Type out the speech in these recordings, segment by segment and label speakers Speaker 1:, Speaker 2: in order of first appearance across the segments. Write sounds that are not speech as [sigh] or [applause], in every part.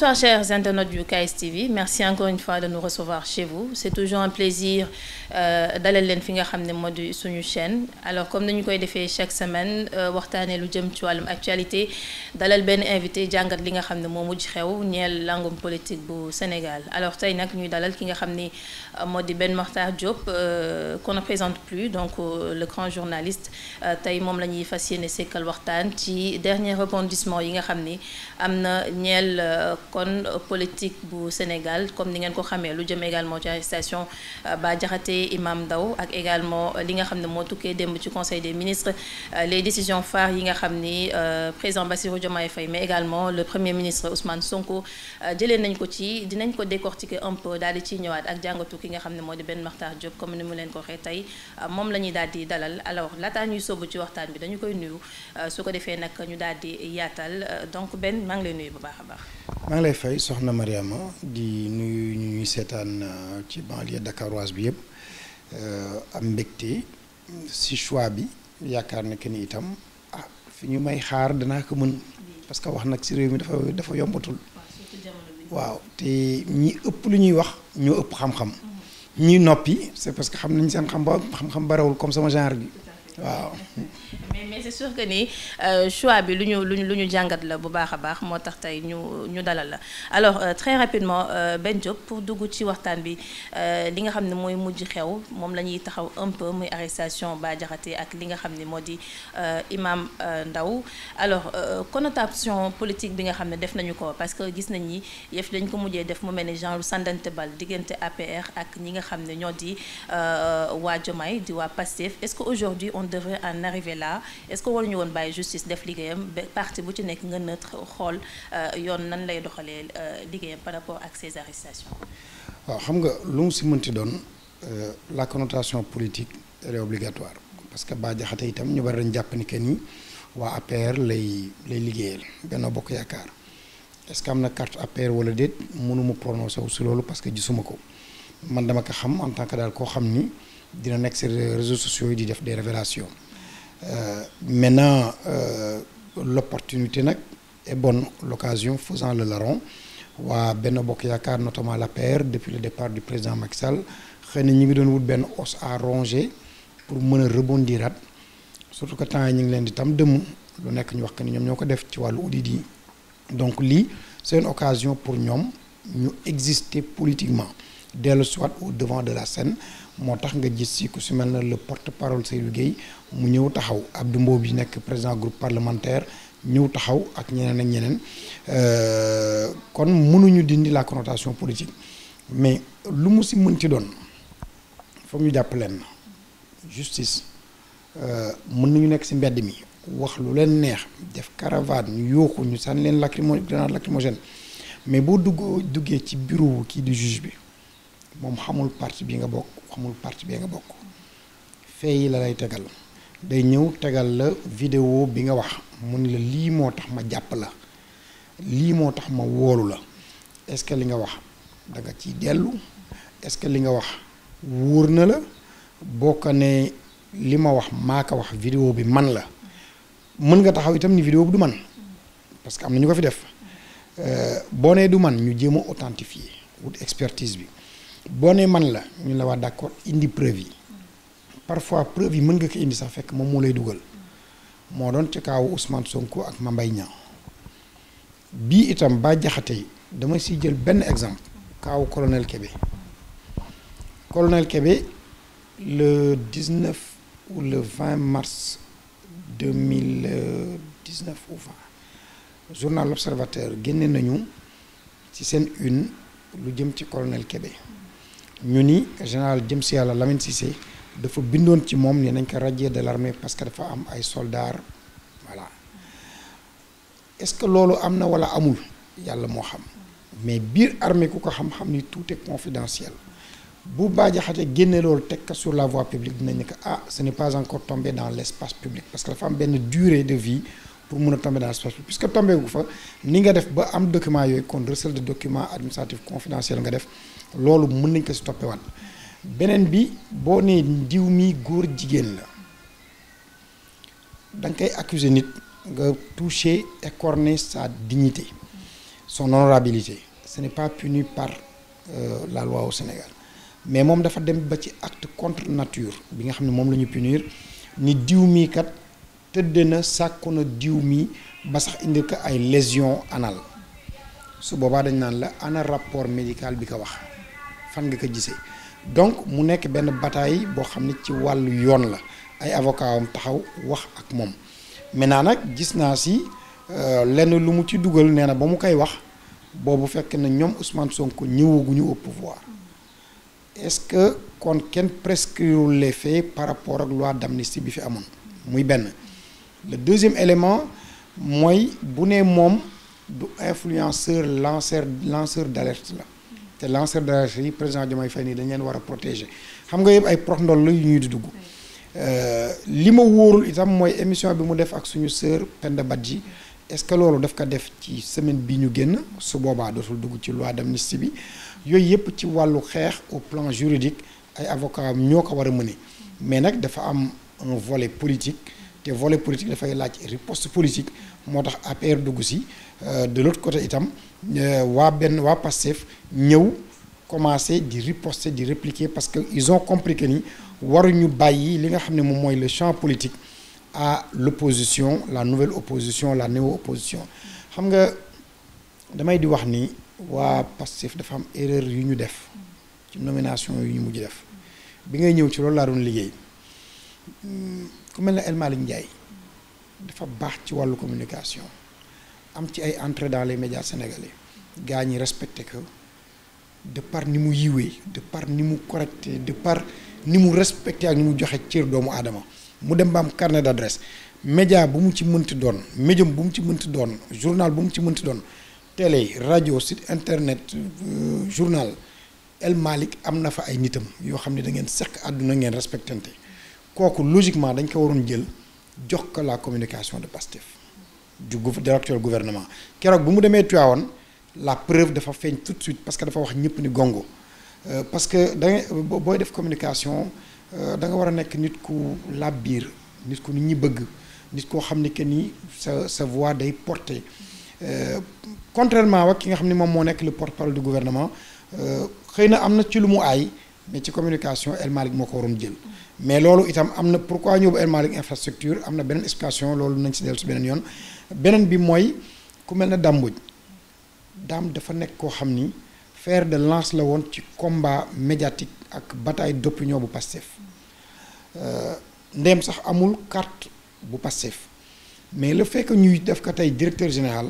Speaker 1: Bonsoir chers internautes du KSTV merci encore une fois de nous recevoir chez vous c'est toujours un plaisir euh, dalal leen fi nga xam ne moo di suñu chaîne alors comme nañu koy defee chaque semaine euh, waxtaanee lu jëm ci wàllum actualité dalal benn invité jàngat li nga xam ne moo mujj xew ñeel langum politique bu Sénégal alors tey nag ñuy dalal ki nga xam ni euh, moo di Ben Makhtar Diop qu'on ne présente plus donc le grand journaliste tey moom la ñuy fas yéene sekkal waxtaan ci dernier rebondissement yi nga xam ni am na ñeel. kon euh, politique bu Sénégal comme ni ngeen ko xamee lu jëm également ci arrestation euh, Bah Diakhaté Imam Ndao ak également euh, li nga xam ne moo tukkee démb ci conseil des ministres les décision phares yi nga xam ni président Bassirou Diomaye fay mais également le premier ministre Ousmane Sonko jëlee nañ ko ci dinañ ko décortiquer un peu daal di ciy ñëwaat ak jàngatu ki nga xam ne moo di benn Makhtar Diop comme ni mu leen ko waxee tey moom la ñuy daal di dalal alors laataa ñuy sóobu ci waxtaan bi dañu koy nuyu su ko defee nag ñu daal di yaatal donc benn maa ngi lay nuyu bu baax a baax.
Speaker 2: maa ngi lay fay soxna Mariama di nuyu ñu ñuy seetaan euh, ci banlieue dakaroise bi yëpp euh, am mbégte si choix bi yaakaar na que ni itam ah fi ñu may xaar danaa ko mën parce que wax nag si réew mi dafa dafa yombatul. waaw te ñi ëpp lu ñuy wax ñoo ëpp xam-xam. Mm-hmm. ñi noppi c'est parce que xam nañ seen xam ba xam-xam barewul comme sama genre bi. waaw.
Speaker 1: mais mais c'est sûr que ni euh, choix bi lu ñu lu ñu lu ñu jàngat la bu baax a baax moo tax tey ñu ñu dalal la alors euh, très rapidement euh, Ben Diop pour dugg ci waxtaan bi li nga xam ne mooy mujj xew moom la ñuy taxaw un peu muy arrestation Bah ak li nga xam ne moo di Imam ndaw alors connotation politique bi nga xam ne def nañu ko parce que gis nañ ni yëf lañ ko mujjee def mu mel ni genre sandante bal diggante APR ak ñi nga xam ne ñoo di waa Diomaye di waa Pastef devrait en arriver là est-ce que waruñu woon bàyyi justice def liggéeyam ba parti bu ci nekk nga neutre xool euh, yoon nan lay doxalee euh, liggéeyam par rapport ak ces arrestations.
Speaker 2: waaw xam nga lu mu si mënti doon euh, la connotation politique elle est obligatoire parce que Bah Diakhaté itam ñu bari dañ jàpp ni que ni waa APR lay lay liggéeyal Benno Bokk Yaakaar est-ce que am na carte APR wala déet mënuma prononcer wu si loolu parce que gisuma ko man dama ko xam en tant que daal koo xam ni. dina nekk sur réseau réseaux sociaux yi di def des révélations euh, maintenant euh, l'opportunité nag et bonne l'occasion faisant le larron waa benn Bokk Yaakaar notamment l'APR depuis le départ du président Macky Sall xëy na ñu ngi doon wut benn os à ronger pour mën a rebondiraat surtout que temps yi ñu ngi leen di tam dëmm lu nekk ñu wax que ni ñoom ñoo ko def ci wàllu audit yi donc lii c'est une occasion pour ñoom ñu exister politiquement dellu soit au devant de la scène moo tax nga gis si ku si mel na le porte parole Seydou liggéey mu ñëw taxaw Abdou Mbow bi nekk président groupe parlementaire ñëw taxaw ak ñeneen ak ñeneen euh, kon mënuñu dindi la connotation politique mais lu mu si mënti doon foog ñu jàpp leen justice euh, mën nañu nekk si mbedd mi wax lu leen neex def caravane ñu yooxu ñu sànni leen lacrymo grenade lacrymogène mais boo duggoo duggee ci bureau kii di juge bi moom xamul parti bi nga bokk xamul parti bee nga bokk fee yi la lay tegal day ñëw tegal la vidéo bi nga wax mu ni la lii moo tax ma jàpp la lii moo tax ma wóolu la est-ce que li nga wax da nga ciy dellu est-ce que li nga wax wóor na la boo ko ne li ma wax maa ko wax vidéo bi man la mën nga taxaw itam ni vidéo bi du man parce que am na ñu ko fi def euh, boo nee du man ñu jéem a authentifier wut expertise bi boo nee man la ñu la wax d'accord indi preuve yi parfois preuve yi mën nga ko indi sax fekk moom moo lay dugal moo doon ci kaawu Ousmane Sonko ak ma Mbaye Niang bii itam ba jaxate dama si jël benn exemple kaawu colonel Kébé colonel Kébé le 19 ou le 20 mars 2019 ou 20 journal L'Observateur génne nañu ci seen une lu jëm ci colonel Kébé ñu ni général jëm si yàlla Lamine Cissé dafa bindoon ci moom ne nañ ko radier de l'armée parce que dafa am ay soldats voilà est-ce que loolu am na wala amul yàlla moo xam mais biir armée ku ko xam-xam ni tout est confidentiel bu baajaxate génne loolu teg ko sur la voie publique dinañ ne que ah ce n'est pas encore tombé dans l'espace public parce que dafa am benn durée de vie pour mun a tomber dans l'espace puisque tombé gu fa ni nga def ba am document yooyu kon recel de document administratif confidentiel nga def loolu mën nañ ko si toppewaat beneen bi boo nee diw mii góor jigéen la da koy accuser nit nga toucher écorner sa dignité son honorabilité ce n'est pas puni par euh, la loi Sénégal mais moom dafa dem ba ci acte contre nature bi nga xam ne moom la ñu punir ni diw mii kat tëdd na sàkku na diw mi ba sax indil ko ay lésion anal su boobaa dañ naan la ana rapport médical bi ko wax fan nga ko gisee donc mu nekk benn bataay boo xam ne ci wàllu yoon la ay avocat am taxaw wax ak moom maintenant nag gis naa si euh, lenn lu mu ci dugal nee na ba mu koy wax boobu fekk na ñoom Ousmane Sonko ñëwaguñu au pouvoir est-ce que kon kenn prescrire les faits par rapport ak loi d'amnistie bi fi amoon muy benn le deuxième élément mooy bu ne moom du influenceur lanceur lanceur d'alerte la te lanceur d'alerte yi président Diomaye Faye nii dañ leen war a protéger xam nga yëpp ay prox ndol la yu ñuy di dugg euh, li ma wóorul itam mooy émission bi mu def ak suñu sœur Penda Badji est-ce que loolu daf ko def ci semaine bi ñu génn su boobaa dootul dugg ci loi d'amnistie bi yooyu yëpp ci wàllu xeex au plan juridique ay avocats ñoo ko war a mëne mais nag dafa am un volet politique te volet politique dafay laaj riposte politique moo tax APR dugg si euh, de l'autre côté itam euh, waa benn waa Pastef ñëw commencer di riposter di répliquer parce que ils ont compris que ni waruñu bàyyi li nga xam ne moom mooy le champ politique à l'opposition la nouvelle opposition la néo opposition xam nga damay di wax ni waa Pastef dafa am erreur yu ñu def ci nomination yu ñu mujj def bi ngay ñëw ci loolu laa doon liggéey. Hmm, ku mel ne El Malick Ndiaye dafa baax ci wàllu communication am ci ay entrées dans les médias sénégalais gaa ñi respecté ko de par ni mu yiwee de par ni mu correcté de par ni mu respecté ak ni mu joxe cër doomu aadama mu dem ba am carnet d'adresse média bu mu ci mënti doon médium bu mu ci mënti doon journal bu mu ci mënti doon télé rajo site internet euh, journal El Malick am na fa ay nitam yoo xam ne da ngeen seq àdduna ngeen respectante kooku logiquement dañ ko waroon jël jox ko la communication de Pastef du directeur gouvernement keroog bu mu demee Tivaouane la preuve dafa feeñ tout de suite parce que dafa wax ñëpp ni gongo euh, parce que da booy def communication euh, danga war a nekk nit ku laab biir nit ku nit ñi bëgg nit koo xam ne que ni sa sa voix day porté euh, contrairement ak ki nga xam ni moom moo nekk le porte-parole du gouvernement xëy na am na ci lu mu ay mais ci communication El Malick moo ko waroon jël mais loolu itam am na pourquoi ñëw bu El Malick infrastructure am na beneen explication loolu nañ si dellu si beneen yoon beneen bi mooy ku mel ne dàmbuj daam dafa nekk koo xam ni fer de lance la woon ci combat médiatique ak bataille d'opinion bu Pastef euh, ndéem sax amul carte bu Pastef mais le fekk que ñuy def ko tey directeur général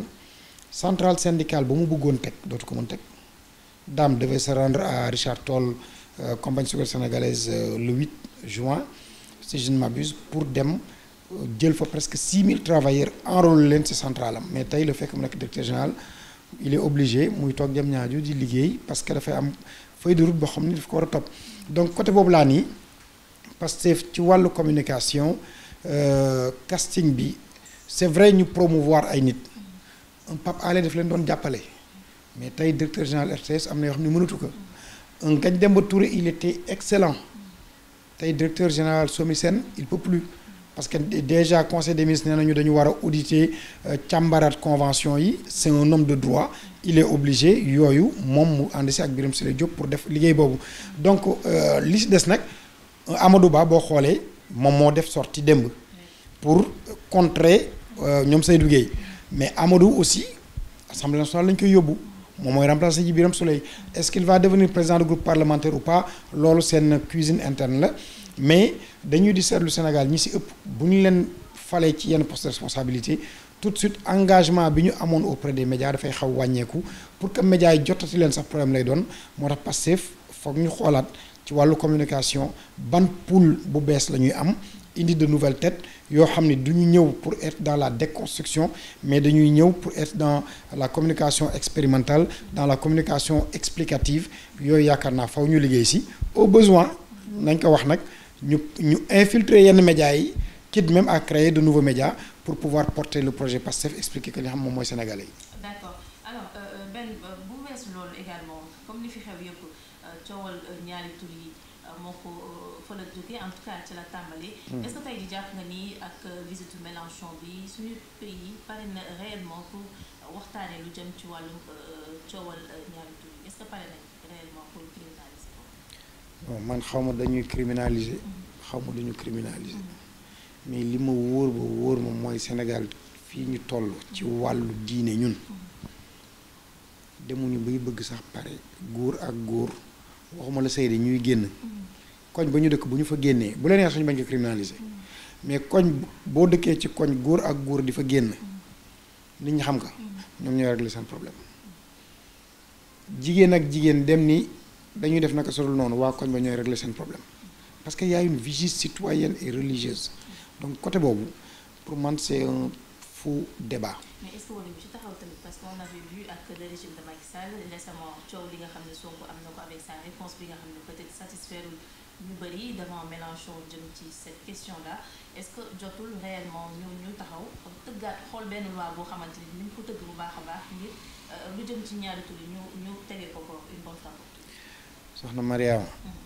Speaker 2: centrale syndicale ba mu bëggoon teg dootu ko mën teg daam devait se rendre à Richard Toll Euh, compagnie sucrière sénégalaise euh, le 8 juin si je ne pour dem euh, jël fa presque 6000 travailleurs enrôlé leen si centrale am mais tey lu fekk mu nekk directeur général il est obligé muy toog dem ñaaju di liggéey parce que dafay am feuille de route boo xam ne daf ko war a top donc côté boobu laa nii Pastef ci wàllu communication casting bi c'est vrai ñu promouvoir ay nit un Pape Alé daf leen doon jàppale mais tey directeur général RTS am na yoo xam ne mënatu ko Ngagne Demba Touré il était excellent tey directeur général SOMISEN il peut plus parce que déjà conseil de ministres nee nañu dañu war a auditer euh, càmbaraat convention yi c'est un homme de droit il est obligé yooyu moom mu ànd si ak Birame Souleye Diop pour def liggéey boobu donc euh, li si des nag Amadou Ba boo xoolee moom moo def sorti démb pour contrer euh, ñoom Seydou Guèye mais Amadou aussi assemblée nationale lañ koy yóbbu. moom mooy remplacer ji Birame Souleye est-ce qu'il va devenir président du groupe parlementaire ou pas loolu seen cuisine interne la mais dañuy di seetlu Sénégal ñi si ëpp bu ñu leen falee ci yenn poste de responsabilité tout suite engagement bi ñu amoon auprès des médias dafay xaw wàññeeku pour que médias yi jotati leen sax problème lay doon moo tax Pastef foog ñu xoolaat ci wàllu communication ban pool bu bees la ñuy am indi de nouvelles têtes yoo xam ne du ñu ñëw pour être dans la déconstruction mais dañuy ñëw pour être dans la communication expérimentale dans la communication explicative yooyu yaakaar naa faw ñu liggéey si au besoin nañ ko wax nag ñu ñu infiltrer yenn médias yi quitte même à créer de nouveaux média pour pouvoir porter le projet PASTEF expliquer que li xam moom mooy sénégalais yi.
Speaker 1: d'accord euh, euh, euh, yi. moo ko euh, fa la jógee en tout cas la tàmbali. Hmm. est-ce que jàpp nga ni ak euh, visite Mélenchon bi suñu pare na euh, coowal ñaari tur yi pare
Speaker 2: nañ réellement xaw ma dañuy criminaliser. Hmm. xaw hmm. mais li ma wóor ba wóor ma mooy Sénégal fii ñu toll ci wàllu diine ñun. demuñu bay bëgg sax pare góor ak góor. waxuma la saydi ñuy génn koñ ba ñu dëkk bu ñu fa génnee bu leen neex suñu bañ ko criminaliser mais koñ boo dëkkee ci koñ góor ak góor di fa génn nit ñi xam ko ñoom ñooy régler seen problème jigéen ak jigéen dem ni dañuy def naka sodul noonu waa koñ ba ñooy régler seen problème parce qu'il y a une vigie citoyenne et religieuse donc côté boobu pour man c'est un faux
Speaker 1: parce qu'on avait ak le de Macky Sall récemment coow li nga xam ne Sonko am na ko avec sa réponse bi nga xam ne peut-être satisfaire ñu bëri devant Mélenchon jëm ci cette question là est-ce que jotul réellement ñu ñu taxaw tëggaat xool benn loi boo xamante ni ñu ko tëgg bu baax a baax ngir euh, lu jëm ci ñaari tur ñu ñu tege ko ko une bonne fois.
Speaker 2: soxna Mariama. Mm-hmm.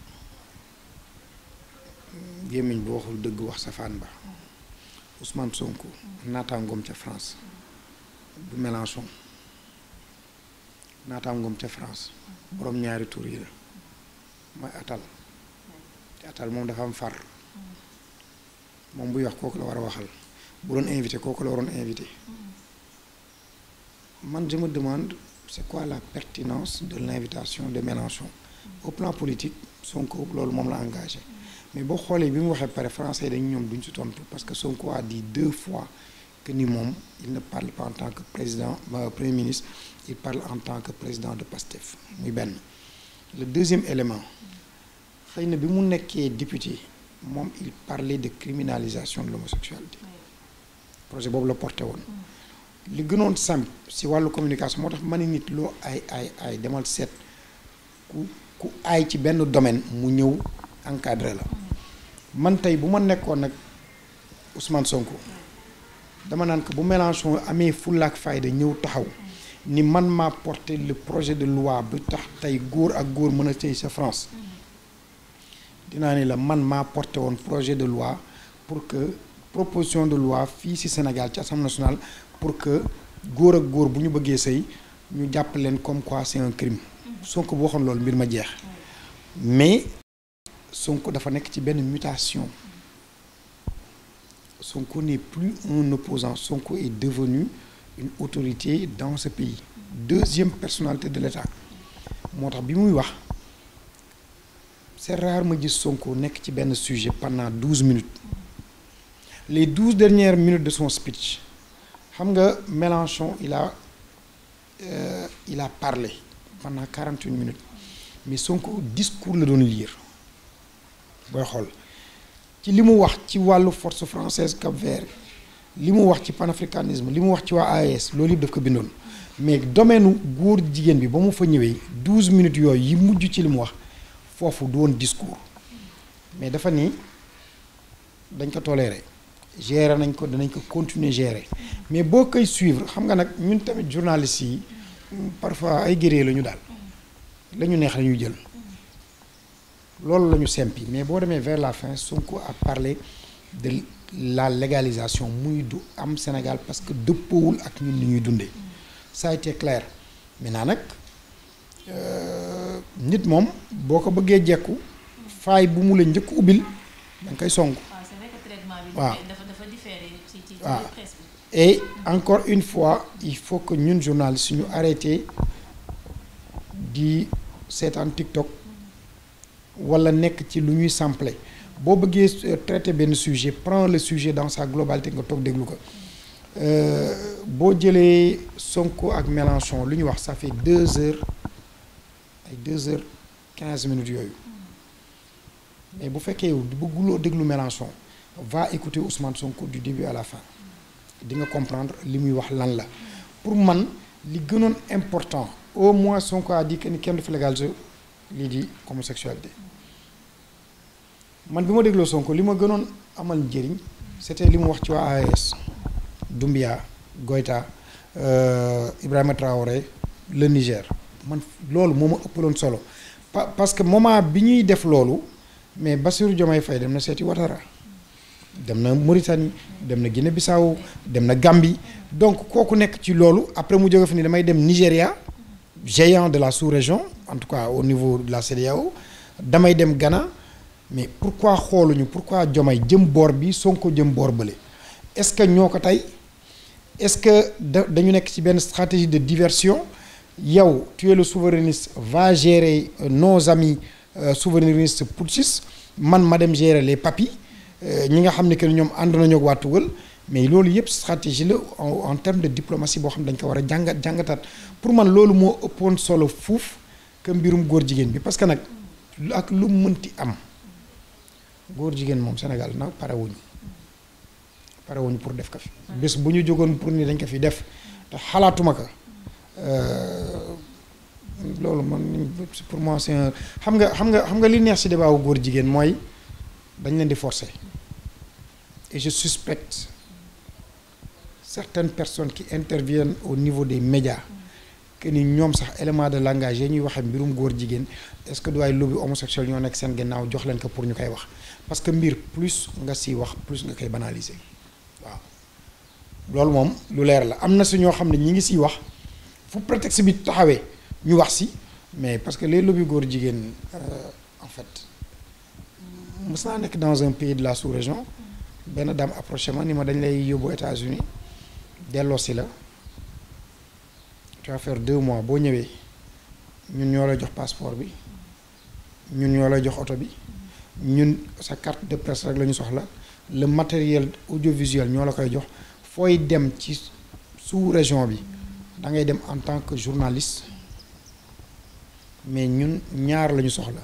Speaker 2: Mm, gémmiñ bu waxul dëgg wax safaan ba. Mm-hmm. Ousmane Sonko. Mm-hmm. naataangoom ca France. bu Mélenchon naataangoom ca France borom ñaari tour yi la mooy atal te atal moom dafa am far moom buy wax kooku la war a waxal bu doon invité kooku la waroon invité man je me demande c'est quoi la pertinence de l'invitation de Mélenchon au plan politique Sonko loolu moom la engagé mais boo xoolee bi mu waxee pare français dañu ñoom duñ si tontu parce que Sonko a dit deux fois que nii moom il ne parle pas en tant que président premier ministre il parle en tant que président de PASTEF muy benn le deuxième élément xëy na bi mu nekkee député moom il parlait de criminalisation de l'homosexualité projet boobu la porté woon li gënoon simple si wàllu communication moo tax man ne nit loo ay ay ay demal seet ku ku aay ci benn domaine mu ñëw encadré la man tey bu ma nekkoon nag Ousmane Sonko dama naan ko bu Mélenchon amee fulla ak fayda ñëw taxaw ni man maa porté le projet de loi bi tax tey góor ak góor mën a sëy sa France dinaa ni la man ma porté woon projet de loi pour que proposition de loi fii ci Sénégal ci assemblée nationale pour que góor ak góor bu ñu bëggee sëy ñu jàpp leen comme quoi c'est un crime Sonko bu waxoon loolu mbir ma jeex mais Sonko dafa nekk ci benn mutation Sonko n'est plus un opposant. Sonko est devenu une autorité dans ce pays. Deuxième personnalité de l'État. moo tax bi muy wax c'est ma gis Sonko nekk ci benn sujet pendant douze minutes les douze dernières minutes de son speech xam nga Mélenchon il a euh, il a parlé pendant quarante et une minutes mais Sonko discours la doon liir booy xool. ci li mu wax ci wàllu force française Cap-Vert li mu wax ci panafricanisme li mu wax ci waa as e loolu yëpp daf ko bindoon mais domaine góor jigéen bi ba mu fa ñëwee douze minutes yooyu yi mujj ci li mu wax foofu du woon discours mais dafa nii dañ ko toléré gere nañ ko danañ ko continuer gérer mais boo koy suivre xam nga nag ñun tamit journalistes yi parfois ay guerriers la ñu daal la neex la ñuy jël. loolu la ñu sempi mais boo demee vers la fin Sonko a parlé de la légalisation muy du am Sénégal parce que dëppoowul ak ñun ñuy dundee ça claire été nag euh, nit moom boo ko bëggee jekku faay bu mu la njëkk ubbil da nga koy song ah, ah. encore une fois il faut que ñun journalistes suñu arrêté di seetaan TikTok wala nekk ci lu ñuy sample boo bëggee euh, traiter benn sujet prends le sujet dans sa globalité nga toog déglu ko euh, boo jëlee Sonko ak Mélenchon lu ñu wax ça fait deux heures ay deux heures quinze minutes yooyu mais bu fekkee yow bëgguloo déglu Mélenchon va écouter Ousmane Sonko du début à la fan di nga comprendre li muy wax lan la pour man li gënoon important au moins Sonko a dit que ni kenn du fi légaliser lii di homosexualité man bi ma dégloo Sonko li ma gënoon amal njëriñ c'était li mu wax ci waa AES Doumbia Goïta euh, Ibrahima Traoré le Niger man loolu moo ma ëppaloon solo pa parce que moment bi ñuy def loolu mais Bassirou Diomaye fay dem na seeti Ouattara dem na Mauritanie dem na Guinée-Bissau dem na Gambie donc kooku nekk ci loolu après mu jóge fi ni damay dem Nigéria géants de la sous-région en tout cas au niveau de la CEDEAO damay dem gana mais pourquoi xooluñu pourquoi Diomaye jëm boor bi Sonko jëm boor bële est-ce que ñoo ko tey est-ce que dañu nekk ci benn stratégie de diversion yow tu es le souverainiste va gérer euh, nos amis pour euh, putschistes man ma dem gérer les papis euh, ñi nga xam ne que ñoom ànd nañu ak waa mais loolu yëpp stratégie la en terme de diplomatie boo xam ne dañ ko war a jàngat jàngataat pour man loolu moo ëppoon solo fuuf mbirum góor jigéen bi parce que nag ak lu mënti am góor jigéen moom Sénégal na parewuñu parewuñu pour def ko fi bés bu ñu jógoon pour ni dañ ko fi def te xalaatuma ko euh, loolu man pour xam nga xam nga xam nga li neex ci de wu góor jigéen mooy dañ leen di forcer et je suspecte certaines personne qui interviennent au niveau des médias que ni ñoom sax élément de langage yi ñuy waxee mbirum góor jigéen est-ce que du ay lobby homosexuel ñoo nekk seen gannaaw jox leen ko pour ñu koy wax parce que mbir plus nga siy wax plus nga koy banaliser waaw loolu moom lu leer la am na si ñoo xam ne ñi ngi siy wax fu prétexte bi taxawee ñu wax si mais parce que les lobby góor jigéen euh, en fait mës naa nekk dans un pays de la sous-région benn dame approché ma dañ lay yóbbu États-Unis delloo la tu vas deux mois boo ñëwee ñun ñoo la jox passeport bi ñun ñoo la jox oto bi ñun sa carte de presse rek la ñu soxla le matériel audiovisuel ñoo la koy jox fooy dem ci sous région bi da ngay dem en tant que journaliste mais ñun ñaar la ñu soxla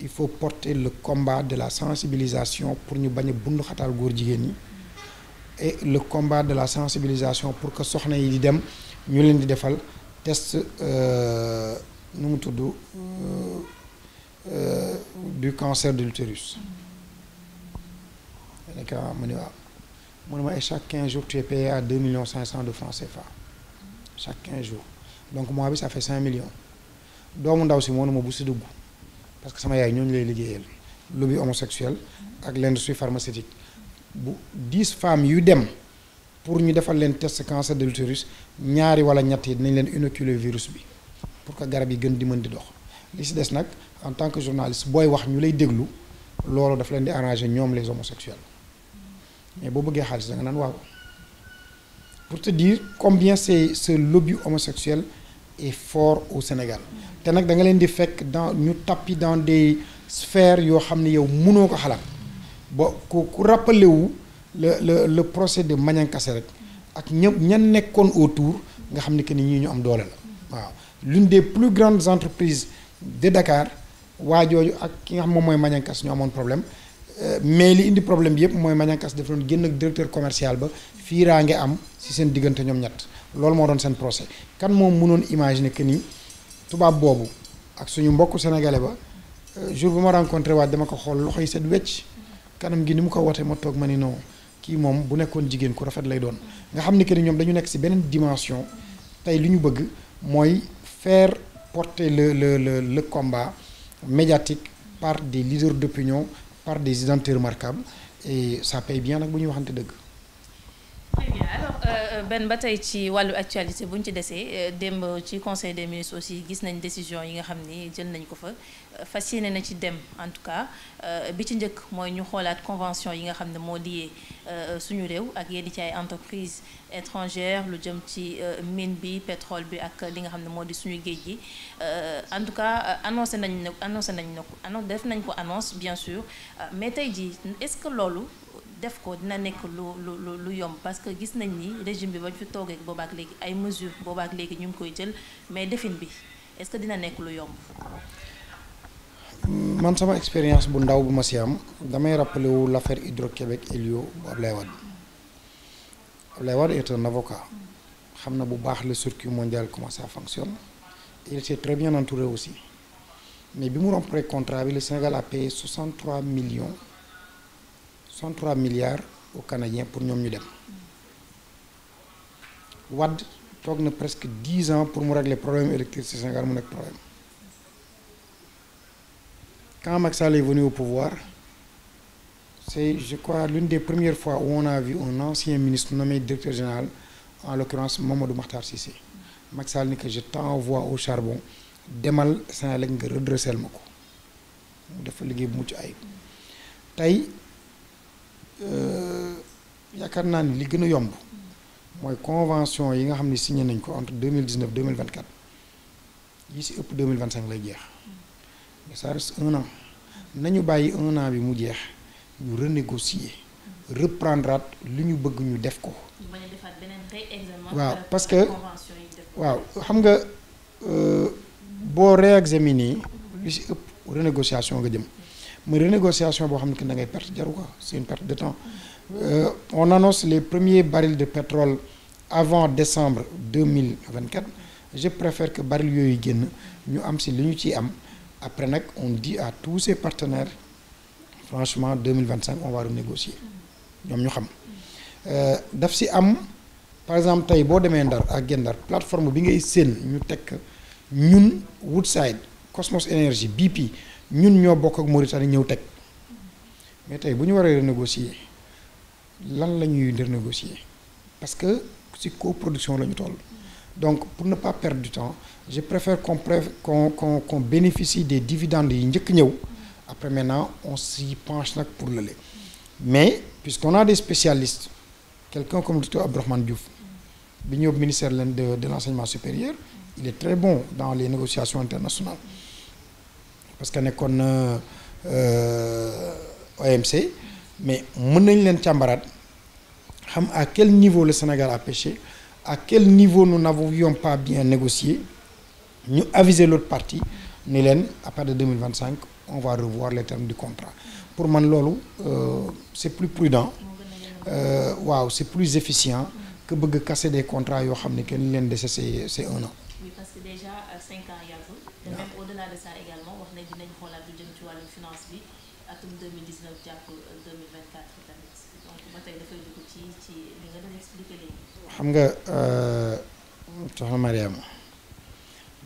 Speaker 2: il faut porter le combat de la sensibilisation pour ñu bañ a bundu góor jigéen ñi le combat de la sensibilisation pour que soxna yi di dem ñu leen di defal test euh, nu mu tudd euh, euh, du cancer de l'utérus nekk mu ne waaw mu ne ma et chaque quinze jours tu es payé à deux millions cinq cent de francs fa chaque quinze jours donc mois bi ça fait cinq millions doomu ndaw si moonu ma bu si dugg parce que sama yaay ñooñu lay liggéeyal lobby homosexuel ak l'industrie pharmaceutique bu dix femmes yu dem pour ñu defal leen test cancer de l'utérus ñaari wala ñett yi dinañ leen inoculer virus bi pour que garab yi gën di mën di dox li si des nag en tant que journaliste booy wax ñu lay déglu loolu daf leen di arranger ñoom les homosexuels mais boo bëggee xaalis da nga naan waaw pour te dire combien c'est ce lobby homosexuel est fort au Sénégal te nag da nga leen di fekk dans ñu tappi dans des sphères yoo xam ne yow mënoo ko xalaat. bo ku ku rappelé wu le le le procès de Maniankase rek ak ñëpp ñan nekkoon autour nga xam ne que ni ñii ñu am doole la waaw l'une de plus grandes entreprises de Dakar waa jooju ak ki nga xam moom mooy Maniankase ñu amoon problème euh, mais li indi problème bi yëpp mooy Maniankase dafa doon génn directeur commercial ba fii ngi am si seen diggante ñoom ñett loolu moo doon seen procès kan moom mënoon imaginer que ni tubaab boobu ak suñu mbokk sénégalais ba euh, jour bu ma rencontré waat dama ko xool loxo yi set wecc kanam gi ni mu ko wootee ma toog ma ni non kii moom bu nekkoon jigéen ku rafet lay doon nga xam ni que ñoom dañu nekk si beneen dimension tey li ñu bëgg mooy fair porter le le le le combat médiatique par des leaders d'opinion par des identités remarquables et ça bien nag bu ñuy waxante dëgg.
Speaker 1: Euh, euh, benn ba tey ci wàllu actualité bu ñu ci desee euh, démb ci conseil des ministres aussi gis nañ décision yi nga xam ni jël nañ ko fa fas yéene na ci dem en tout cas bi ci njëkk mooy ñu xoolaat convention yi nga xam ne moo lié suñu réew ak yenn ci ay entreprise étrangère lu jëm ci mine bi pétrole bi ak li nga xam ne moo di suñu géej gi en tout cas annoncé nañ ne annoncé nañ ne ko def nañ ko annonce bien sûr mais tey jii est-ce que loolu def ko dina nekk lu lu lu yomb parce que gis nañ ni régime bi bañ fi toogee boobaak léegi ay mesures boobaak léegi ñu ngi koy jël mais defin bi est-ce dina nekk lu yomb.
Speaker 2: man sama expérience bu ndaw bu ma si am damay rappelé wu l'affaire Hydro-Québec Elio bu Ablaye Wade Ablaye war est un avocat xam na bu baax la circuit mondial comment ça fonctionne il était très bien aussi mais bi mu rompre contra bi le Sénégal a payé 63 millions. 103 milliards aux Canadiens pour ñoom ñu dem Wade toog na presque 10 ans pour mu régler problème électricité Sénégal mu nekk problème quand Macky Sall est venu au pouvoir c'est je crois l'une des premières fois où on a vu un ancien ministre nommé directeur général en l'occurrence Mamadou Makhtar Cissé Macky Sall ni que je t'envoie au charbon demal Sénégal nga redressel ma ko dafa liggéey bu mucc ayib tey Euh, yaakaar naa ni li gën a yomb mooy convention yi nga xam ne signé nañ ko entre deux mille dix neuf deux mille vingt quatre yi si ëpp deux mille vingt cinq lay jeex mais ça reste un nañu bàyyi un an bi mu jeex ñu renégocier reprendre li ñu bëgg ñu def ko. waaw parce que waaw xam nga euh, boo réexaminer li si ëpp renégociation nga jëm. mooy renégociation boo xam ne que da ngay perte jaru ko c'est une perte de temps euh, on annonce les premiers barils de pétrole avant décembre 2024 je préfère que baril yooyu génn ñu am si li ñu ciy am après nag on dit à tous ses partenaires franchement 2025 on va renégocier ñoom ñu xam euh, daf si am par exemple tey boo demee Ndar ak Gendar plateforme bi ngay séen ñu teg ñun Woodside Cosmos Energy BP ñun ñoo bokk ak Mauritanie ñëw teg mais tey bu ñu waree renégocier lan la ñuy renégocier parce que si coproduction la ñu toll donc pour ne pas perdre du temps je préfère qu'on qu'on qu'on qu'on bénéficie des dividendes yi njëkk ñëw après maintenant on si penche nag pour lële mais puisqu'on a des spécialistes quelqu'un comme docteur Abdourahmane Diouf bi ñëw ministère leen de de l'enseignement supérieur il est très bon dans les négociations internationales parce que nekkoon na euh, OMC mais mën nañ leen càmbaraat xam à quel niveau le Sénégal à pêché à quel niveau nous n'avions pas bien négocié ñu aviser l'autre partie ni leen à partir de 2025 on va revoir le terme du contrat pour man loolu euh, c'est plus prudent euh, waaw c'est plus efficient que bëgg casser des contrat yoo xam ne kenn leen dese c'est c'est un an. oui xam nga euh, soxna Mariama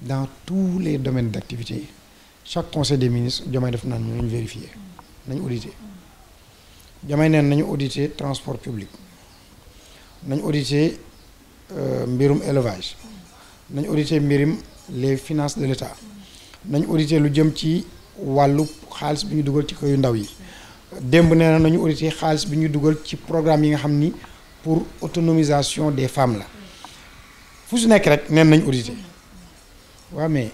Speaker 2: dans tous les domaines d' activité chaque conseil des ministres Diomaye def naan nañ vérifier nañu auditer Diomaye neen nañu auditer transport public nañ auditer euh, mbirum élevage nañ auditer mbirum les finances de l' état nañ auditer lu jëm ci wàllu xaalis bi ñu dugal ci këyu ndaw yi démb nee na nañu auditer xaalis bi ñu dugal ci programme yi nga xam ni pour autonomisation des femmes la fu su nekk rek neen nañ audité waa mais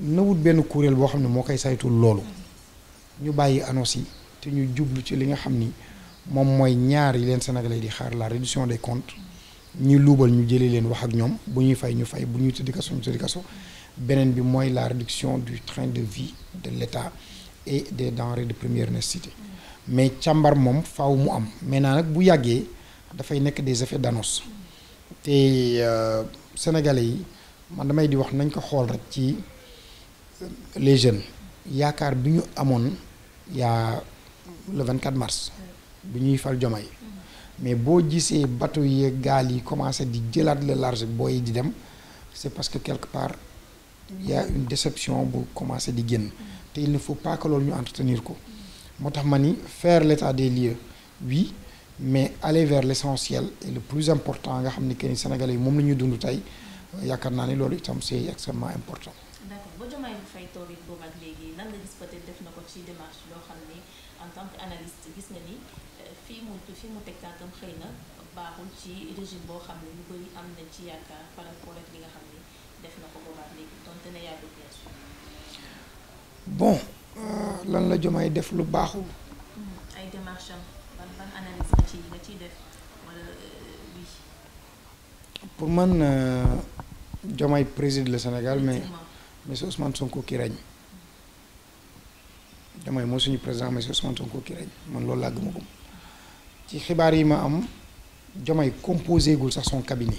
Speaker 2: nawut benn kuréel boo xam ne moo koy saytul loolu ñu bàyyi annonce yi te ñu jublu ci li nga xam ni moom mooy ñaar yi leen Sénégalais di xaar la réduction des comptes ñuy luubal ñu jëlee leen wax ak ñoom bu ñuy fay ñu fay bu ñuy tëddi kaso ñu tëddi kaso beneen bi mooy la réduction du train de vie de l'État et des denrées de première nécessité mais càmbar moom faw mu am maintenant nag bu yàggee. dafay nekk des effets d'annonce te euh, sénégalais yi man damay di wax nañ ko xool rek ci euh, les jeunes yaakaar bi ñu amoon yaa le 24 mars bi ñuy fal Diomaye mais boo gisee bateau yi gaal yi commencé di jëlaat le large booy di dem c'est parce que quelque part il y a une déception bu commencé di génn te il ne faut pas loolu ñu entretenir ko moo tax ma ni faire l'état des lieux oui mais aller vers l'essentiel et le plus important nga xam ni que ni Sénégalais yi moom la ñuy dund tey yaakaar naa ni loolu itam c'est extrêmement important.
Speaker 1: d'accord ba Diomaye Faye toog it boobu léegi nan nga gis peut-être def na ko ci démarche loo xam ni en tant qu'analyste gis na ni euh, fii mu teg tànkam xëy na baaxul ci régime boo xam ne ñu bëri am nañ ci yaakaar par rapport ak xam ni def na ko boobu léegi donte ne yàggul bien
Speaker 2: bon euh, lan la Diomaye def lu baaxul.
Speaker 1: Hmm, ban ban analyse nga ci euh,
Speaker 2: pour man euh, Diomaye préside le Sénégal mais mais c'est Ousmane Sonko qui règne Diomaye suñu président mais c'est Ousmane Sonko qui règne man loolu ma gëmagum ci xibaar yi ma am Diomaye composé gul sax son cabinet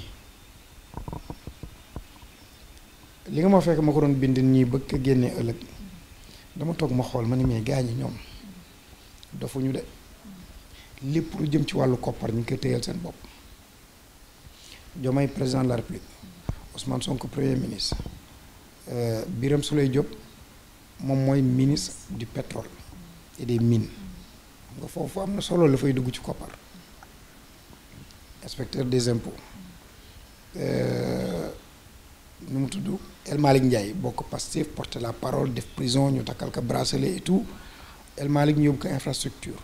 Speaker 2: li nga ma fekk ma ko doon bind nii bëgg a génnee ëllëg dama toog ma xool ma ni mais gaañi ñoom dafa ñu de. lépp lu jëm ci wàllu koppar ñu ngi koy téyal seen bopp Diomaye président de la République Ousmane Sonko premier ministre euh, Birame Souleye Diop moom mooy ministre du pétrole et des mines nga foofu am na solo la fay dugg ci koppar inspecteur des impôts euh, nu mu tudd El Malick Ndiaye bokk Pastef porter la parole def prison ñu takkal ko bracelet et tout El Malick ñu yóbbu ko infrastructure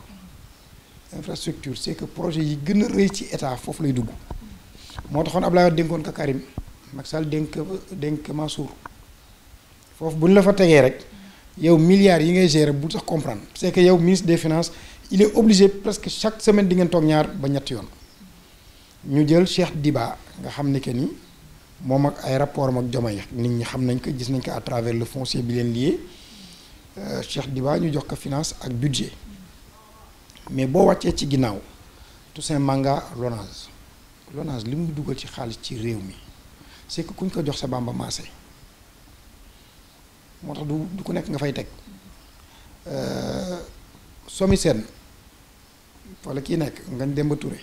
Speaker 2: infrastructure c'est que projet yi gën a rëy ci état foofu lay dugg moo taxoon Ablaye Wade dénkoon ko Karim Macky Sall dénk dénk Mansour foofu bu ñu la fa tegee rek yow milliards yi ngay gérer bu sax comprendre c'est que yow ministre des finances il est obligé presque chaque semaine di ngeen toog ñaar ba ñetti yoon ñu jël Cheikh Diba nga xam ne que ni moom ak ay rapport am ak Diomaye nit ñi xam nañ ko gis nañ ko à travers le foncier bi leen lié euh, Cheikh Diba ñu jox ko finance ak budget mais boo wàccee ci ginnaaw Toussaint Manga Lonase Lonase li muy dugal ci xaalis ci réew mi c'est que kuñ ko jox sa Bamba Massé moo tax du du ku nekk nga fay teg euh, somi seen wala kii nekk nga Demba Touré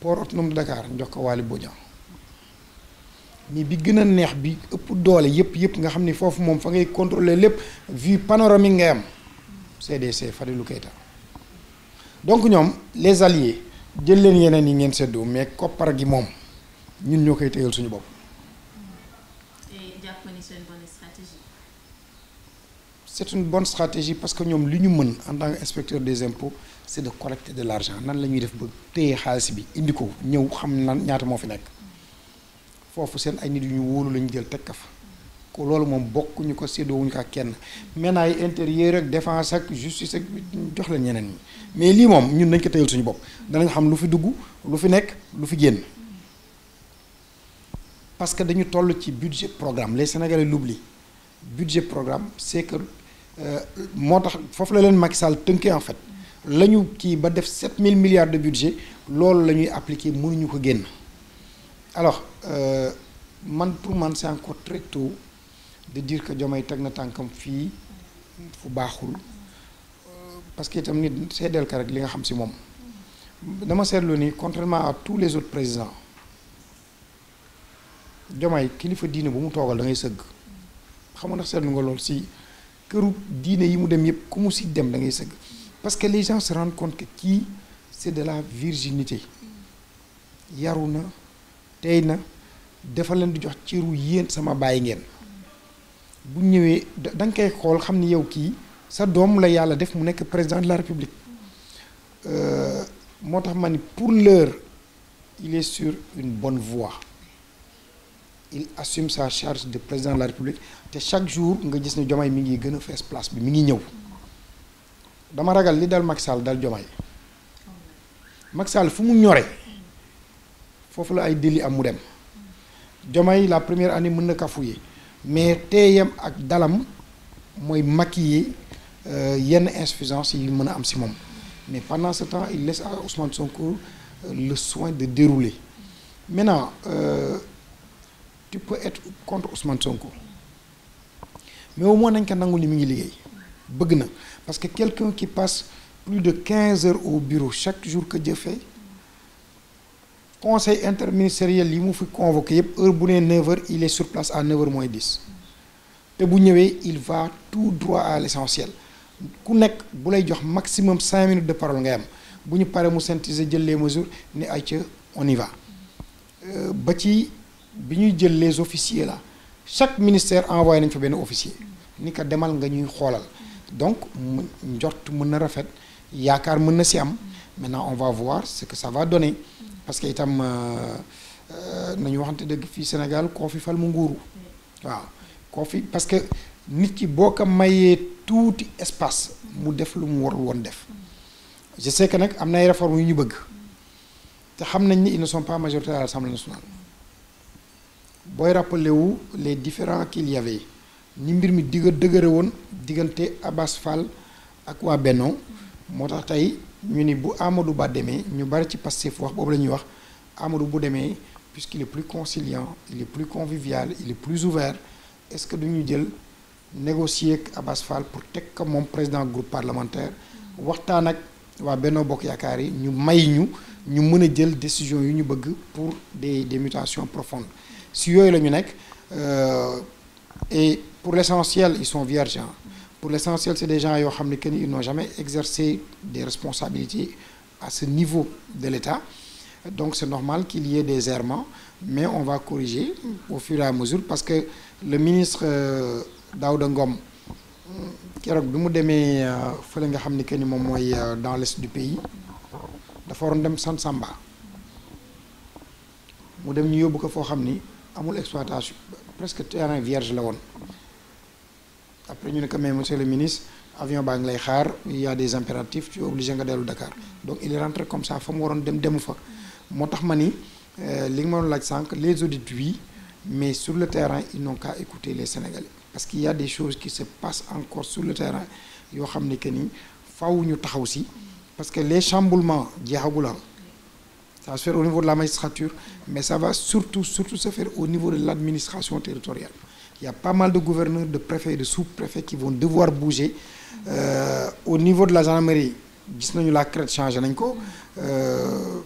Speaker 2: port autonome de Dakar njox ko Waly Bodian mais bi gën a neex bi ëpp doole yëpp yëpp nga xam ni foofu moom fa ngay contrôler lépp vue panoramique ngay am CDC Fadilou Keita donc ñoom les alliés jël leen yeneen yi ngeen seddoo mais koppar gi moom ñun ñoo koy téyal suñu bopp. c'est une bonne stratégie parce que ñoom li ñu mën en tant que inspecteur des impôts c'est de collecter de l'argent nan la ñuy def bëgg téye xaalis bi indi ko ñëw xam nan ñaata moo fi nekk foofu seen ay nit yu ñu wóolu lañu jël teg ka fa loolu moom bokkuñu ko séddoowuñu ko ak kenn maintenant ay intérieur ak défense ak justice ak jox leen ñeneen ñi mais lii moom ñun nañ ko tëyal suñu bopp danañ xam lu fi dugg lu fi nekk lu fi génn parce que dañu toll ci budget programme les Sénégalais l'oublient budget programme c'est que euh, moo tax foofu la leen Macky Sall tënkee en fait la ñu kii ba def mille milliards de budget loolu la ñuy appliquer mënuñu ko génn alors euh, man pour man c'est encore très de dire que Diomaye teg na tànkam fii fu baaxul parce que itam nit seedeel ka rek li nga xam si moom dama seetlu ni contrairement à tous les autres présidents Diomaye kilifa diine bu mu toogal da sëgg xam nga ndax seetlu nga lool si këru diine yi mu dem yëpp ku mu si dem da ngay sëgg parce que les gens se rendent compte que de la virginité yaru na tey na dafa leen di jox ciru yéen sama bàyyi ngeen bu ñëwee da nga koy xool xam ni yow kii sa doom la yàlla def mu nekk président de la république euh, moo tax ma ni pour leur il est sur une bonne voie il assume sa charge de président de la république te chaque jour nga gis ne Diomaye mi ngi gën a fees place bi mu ngi ñëw dama ragal li dal Macky Sall dal Diomaye Macky fu mu ñoree foofu la ay déli am mu dem Diomaye la première année mën na kafouiller mais teeyam ak dalam mooy maquiller euh, yenn insuffisance yi mën a am si moom mais pendant ce temps il laisse à Ousmane Sonko euh, le soin de dérouler maintenant euh, tu peux être contre Ousmane Sonko mais au moins nañ ko nangu li mu ngi liggéey bëgg na parce que quelqu'un qui passe plus de quinze heures au bureau chaque jour que Dieu conseil interministériel yi mu fi convoqué yëpp heure bu nee 9h il est sur place à 9h moins te bu ñëwee il va tout droit à l'essentiel ku nekk bu lay jox maximum 5 minutes de parole ngay am bu ñu paree mu synthétiser jël les mesures ne ayca on y euh, ba ci bi ñuy jël les officiers la chaque ministère envoyé nañ fa benn officier ni ko demal nga ñuy xoolal donc njort mën na rafet yaakaar mën na si am maintenant on va voir ce que ça va donner. parce que itam euh, euh, nañu waxante dëgg fii Sénégal koo fal mu nguuru waaw koo parce que nit ki boo ko mayee tuuti espace mu def lu mu warul woon def je sais que nag am na ay réformes yu ñu bëgg te xam nañ ni ils ne sont pas majoritaires à nationale booy rappelé wu les différends qu'il y avait ni mbir mi digg dëgëre woon diggante Abbas Fall ak waa Benno moo tax tey ñu ni bu Amadou Ba demee ñu bari ci Pastef wax boobu la ñuy wax Amadou bu demee puisqu'il est plus conciliant il est plus convivial il est plus ouvert est-ce que duñu jël négocier ak Abass pour teg ko moom président groupe parlementaire waxtaan ak waa Benno Bokk Yaakaar yi ñu may ñu ñu mën a jël décision yu ñu bëgg pour des des mutations profondes si yooyu la ñu nekk euh, et pour l'essentiel ils sont pour l'essentiel c'est des gens yoo xam ne que ni ils n'ont jamais exercé des responsabilités à ce niveau de l'État donc c'est normal qu'il y des errements mais on va corriger au fur et à mesure parce que le ministre euh, Daouda Ngom keroog bi mu demee euh, fële nga xam ni que ni moom mooy euh, dans l'est du pays dafa waroon dem San Samba mu dem ñu yóbbu ko foo xam ni amul exploitation presque terrain vierge la woon après ñu ne que mais monsieur le ministre avion baa ngi lay xaar il a des impératifs tu es obligé nga dellu Dakar donc il est rentré comme ça fa mu waroon dem demu fa moo tax ma ni euh, li nga ma doon laaj sànq les audits oui mais sur le terrain ils n'ont qu'à écouter les Sénégalais parce que y a des choses qui se passent encore sur le terrain yoo xam ne que ni faw ñu taxaw si parce que les chamboulements jeexagul ça va se faire au niveau de mais ça va surtout surtout se faire au niveau de l'administration territoriale Il y a pas mal de gouverneurs, de préfets et de sous-préfets qui vont devoir bouger. Euh, au niveau de la gendarmerie gis nañu la crête changé nañ ko euh,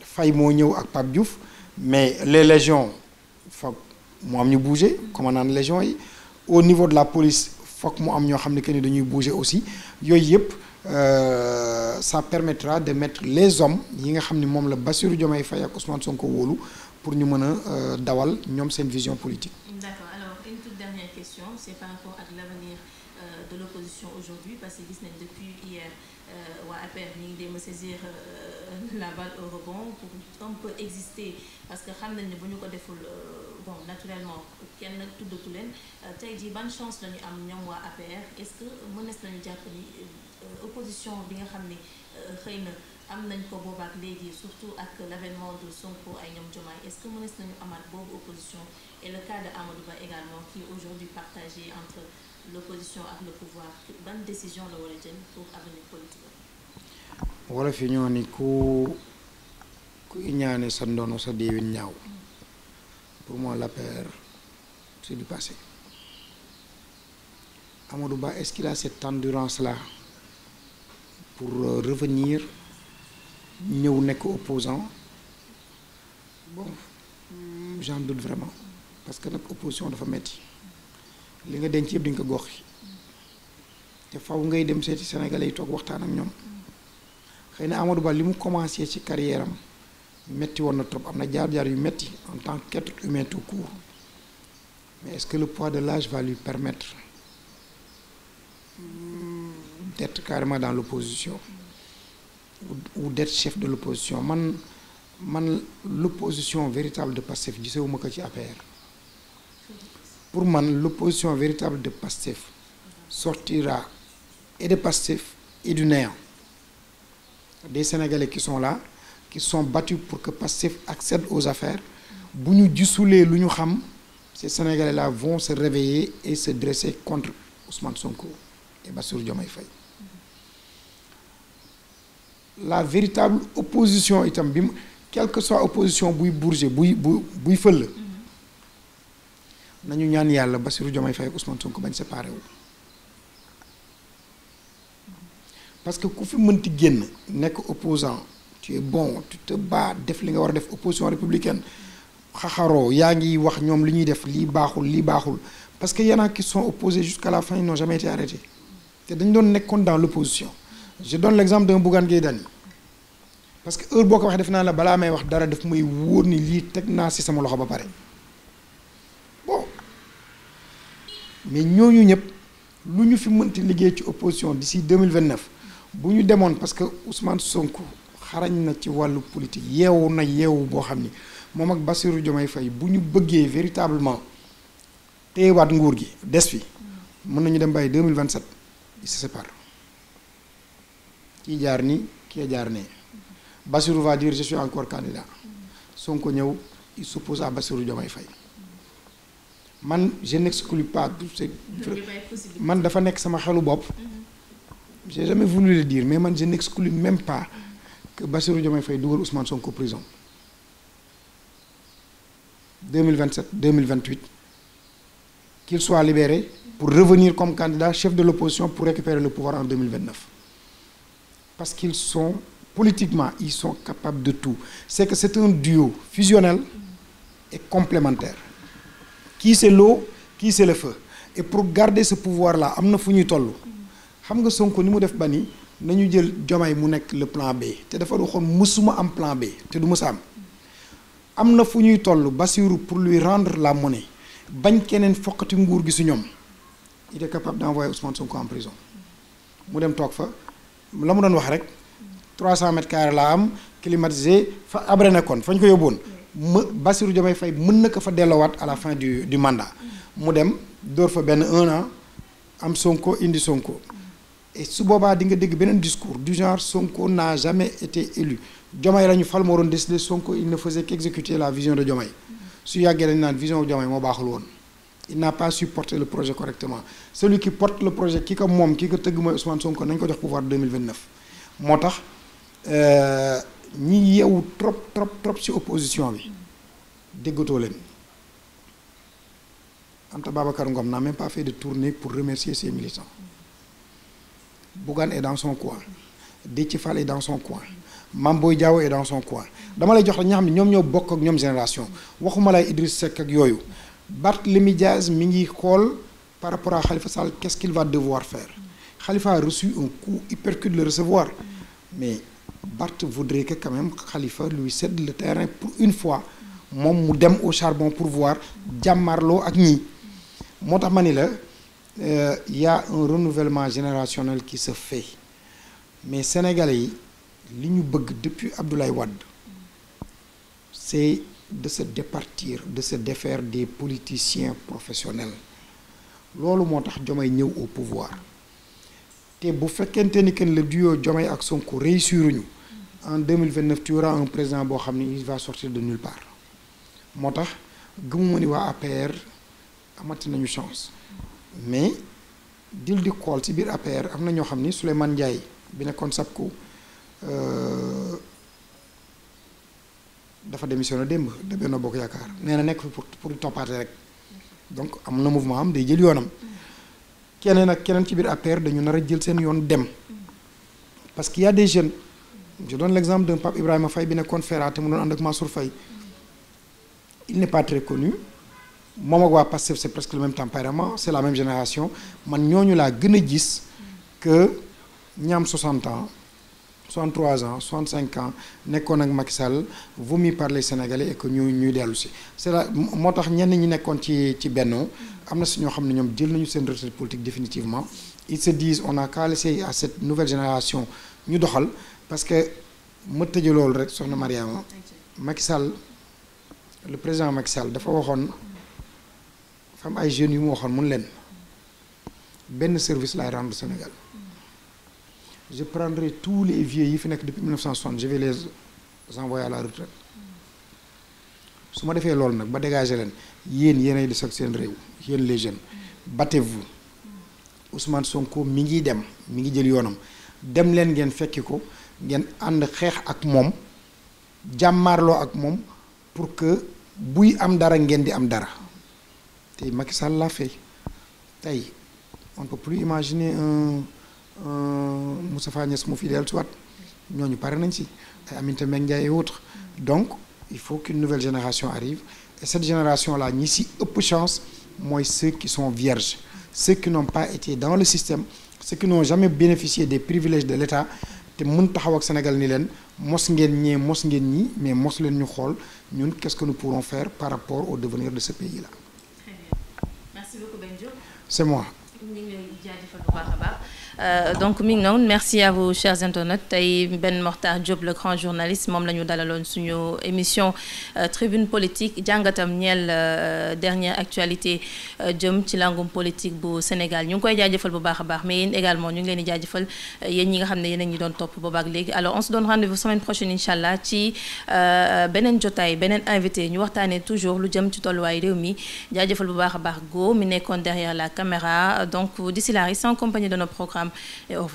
Speaker 2: fay moo ñëw ak Pape Diouf mais les légions foog mu am ñu bouger commandant de légion au niveau de la police foog mu am ñoo xam ne que ni dañuy bouger aussi yooyu yëpp euh, ça permettra de mettre les hommes yi nga xam ne moom la Bassirou Diomaye Faye ak Ousmane ko wóolu pour ñu mën a dawal ñoom seen vision politique.
Speaker 1: question c'est par rapport ak l'avenir euh, de l'opposition aujourd'hui parce que gis nañ depuis hier euh, waa APR ñu ngi dem saisir euh, [laughs] la balle au rebond pour un exister parce que xam nañ ne bu ñu ko deful bon naturellement kenn tuddatu leen tey jii ban chance la ñu am ñoom waa APR est-ce que mënees nañu jàpp ni opposition bi nga xam ne xëy na am nañ ko boobaak léegi surtout ak l'avènement de Sonko ay ñoom est-ce que mënees nañu amaat boobu opposition et le cas de Amadou également qui aujourd'hui partagé entre l'opposition ak le pouvoir ban décision la war a jël
Speaker 2: fi ñoo ni ku ku iñaane sa ndono sa déewin ñaaw pour moi la c'est du passé Amadou Ba est-ce qu'il a cette endurance là pour euh, revenir ñëw nekk opposant bon hmm, j'en doute vraiment parce que nag opposition dafa metti li nga denc yëpp di ko gox te faw ngay dem seeti Sénégalais yi toog waxtaan ak ñoom xëy na Amadou Ba li mu commencé ci carrière am metti woon na trop am na jaar-jaar yu metti en tant qu'être humain tout court mais est-ce que le poids de l'âge va lui permettre hmm, d'être carrément dans l'opposition ou d'être chef de l'opposition man man l'opposition véritable de Pastef gisewuma ko ci APR pour man l'opposition véritable de Pastef sortira et de Pastef et du néant des Sénégalais qui sont là qui sont battus pour que Pastef accède aux affaires bu ñu gisulee lu ñu xam ces Sénégalais là vont se réveiller et se dresser contre Ousmane Sonko et Bassirou Diomaye Faye la véritable opposition itam bi mu quelque que soit opposition buy bourger buy bu buy fël nañu ñaan yàlla Bassirou Diomaye Faye ak Ousmane Sonko bañ séparé parce que ku fi mënti génn nekk opposant tu es bon tu te bats def li nga war a def opposition républicaine xaxaroo yaa ngi wax ñoom li ñuy def lii baaxul lii baaxul parce que y en a qui sont opposés jusqu'à la fin ils n'ont jamais été arrêtés te dañ doon nekkoon dans l'opposition je donne l'exemple d'un Bougane Gueye Dany parce que heure boo ko waxee def naa la balaa may wax dara dafa may wóor ni lii teg naa si sama loxo ba pare bon mais ñooñu ñëpp lu ñu fi mënti liggéey ci opposition d'ici deux mille vingt neuf bu ñu demoon parce que Ousmane Sonko xarañ na ci wàllu politique yeewu na yeewu boo xam ni moom ak Bassirou Diomaye fay bu ñu bëggee véritablement téyewaat nguur gi des fi mën nañu dem bàyyi deux mille vingt sept ils se séparent. kii jaar ni kii jaar nee Bassirou va dire je suis encore candidat Sonko ñëw il s'oppose à Bassirou Diomaye Faye man je n'exclus pas man dafa nekk sama xelu bopp j'ai jamais voulu le dire mais man je n'exclus même pas que Bassirou Diomaye Faye dugal Ousmane Sonko prison 2027 2028 qu'il soit libéré pour revenir comme candidat chef de l'opposition pour récupérer le pouvoir en parce qu'ils son politiquement ils sont capables de tout c'est que c'est un duo fusionnel et complémentaire kii c'est l'eau kii c'est le feu et pour garder ce pouvoir là am na fu ñuy toll xam nga Sonko ni mu def ba ni nañu jël Diomaye mu nekk le plan B te dafa waxoon mësuma am plan B te du mësa am am na fu ñuy toll Bassirou pour luy rendre la monnaie bañ keneen fokkati nguur gi su ñoom il est capable d'envoyer Ousmane Sonko en prison mu dem toog fa la mu doon wax rek 300 mètres carrés laa am climatisé fa abré fa fañ ko yóbboon ma Bassirou jomay fay mën na ko fa dellowaat à la fin du du mu dem dóor fa benn un am Sonko indi Sonko et su boobaa di nga dégg beneen discours du genre Sonko n'a jamais été élu Diomaye la ñu fal moo doon décidé Sonko il ne faisait qu'exécuter la vision de Diomaye su yàggee dañ naan vision Diomaye moo baaxul woon il n'a pas supporté le projet correctement celui qui porte le projet ki ko moom ki ko tëgg mooy Ousmane Sonko nañ ko jox pouvoir moo tax euh, ñi yeewu trop trop trop ci opposition bi déggatoo leen Anta Babacar Ngom n'a même pas fait de tournée pour remercier ses militants Bougane est dans son coin Déthié Fall est dans son coin Mame booy Diao est dans son coin dama lay jox rek ñi nga xam ne ñoom ñoo bokk ak ñoom génération waxuma lay Idriss Seck ak yooyu Barthélémy Dias mi ngi xool par rapport à Khalifa Sall qu'est-ce qu'il va devoir faire Khalifa a un coup il percute le mais Bart voudrait que quand même Khalifa lui cède le terrain pour une fois moom mu dem au charbon pour voir jàmmarloo ak ñii moo tax ma ni la euh, y un renouvellement générationnel qui se fait mais Sénégalais yi li ñu bëgg depuis Abdoulaye Wade c'est de se départir de se défaire des politiciens professionnels loolu moo tax Diomaye ñëw au pouvoir te bu fekkente ni kenn le duo Diomaye ak Sonko réussir ñu en 2029 tu auras un président boo xam ne il va sortir de nulle moo tax gëmuma ni waa APR amati nañu chance mais dil di xool ci biir APR am na ñoo xam ni Souleymane Ndiaye bi nekkoon SAPCO euh, dafa démissionné démb de Benno Bokk Yaakaar nee na nekk fi pour pour toppaate rek donc am na mouvement am day jël yoonam keneen ak keneen ci biir APR dañu nar a jël seen yoon dem parce que y a des jeunes je donne l'exemple d'un Pape Ibrahima fay bi nekkoon Feera te mu doon ànd ak Mansour Faye il n'est pas très connu moom ak waa Pastef c'est presque le même tempérament c'est la même génération man ñooñu laa gën a gis que ñi am ans 63 ans 65 ans nekkoon ak Macky vomi par les Sénégalais et que ñuy dellu si c'est moo tax ñenn ñi nekkoon ci ci Benno am na si ñoo xam ne ñoom jël nañu seen retraite politique définitivement ils se disent on a qu'à laisser à cette nouvelle génération ñu doxal parce que ma tëje loolu rek soxna Mariama Macky Sall le président Macky dafa waxoon fam ay jeunes yu mu waxoon mun leen benn service lay rendre Sénégal je prendrai tous les vieux yi fi nekk depuis 1960 je vais les envoyer à la retraite su ma defee loolu nag ba dégager leen yéen yéenay des ak seen réew yéen les jeunes battez-vous Ousmane Sonko mi ngi dem mi ngi jël yoonam dem leen ngeen fekki ko ngeen ànd xeex ak moom jàmmaarloo ak moom pour que buy am dara ngeen di am dara tey Macky Sall l'a fait tey on plus imaginer Euh, Moustapha Niass mu fi dellu si waat ñooñu pare nañ si ay Aminata Mbengue Ndiaye et donc il faut qu'une nouvelle génération arrive et cette génération là ñi si ëpp chance mooy ceux qui sont vierges ceux qui n'ont pas été dans le système ceux qui n'ont jamais bénéficié des privilèges de l'État te mun taxaw ak Sénégal ni leen mos ngeen ñee mos ngeen ñi mais mos leen ñu xool ñun qu'est-ce que nous pourrons faire par rapport au devenir de ce pays là. Euh, donc mi ngi noonu merci à vous chers
Speaker 1: internautes tey Ben Makhtar Diop le grand journaliste moom la ñu dalaloon suñu émission euh, tribune politique jàngatam ñeel euh, dernière actualité jëm ci langum politique bu Sénégal ñu ngi koy jaajëfal bu baax a baax mais yéen également ñu ngi leen di jaajëfal yéen ñi nga xam ne yéen a ngi doon topp boobaak léegi alors on se donne rendez-vous semaine prochaine incha allah ci beneen jotaay beneen invité ñu waxtaanee toujours lu jëm ci tolluwaay réew mi jaajëfal bu baax baax go mi nekkoon derrière la caméra donc femmes et au